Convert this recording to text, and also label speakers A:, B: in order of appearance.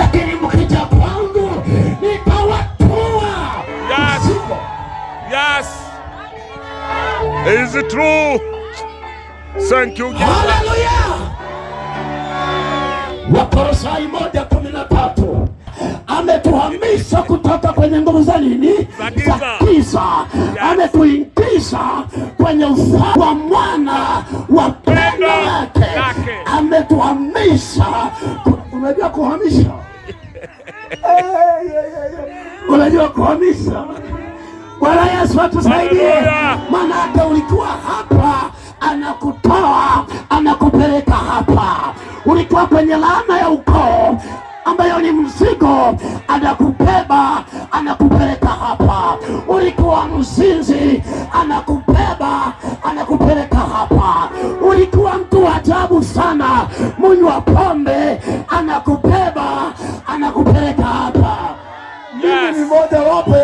A: lakini mkija kwangu nitawatoa.
B: Yes. Yes. Is it true? Thank you.
A: Hallelujah. Wakolosai moja kumi na tatu ametuhamisha kutoka kwenye nguvu za nini?
B: Za
A: giza. Ametuingiza kwenye ufalme wa mwana wa pendo wake. Ametuhamisha. Unajua kuhamisha Unajua kuhamisha. Bwana Yesu atusaidie, maana ulikuwa hapa anakutoa anakupeleka hapa. Ulikuwa kwenye laana ya ukoo ambayo ni mzigo, anakubeba anakupeleka hapa. Ulikuwa mzinzi, anakubeba anakupeleka hapa. Ulikuwa mtu wa ajabu sana, munywa pombe, anakubeba anakupeleka more than open.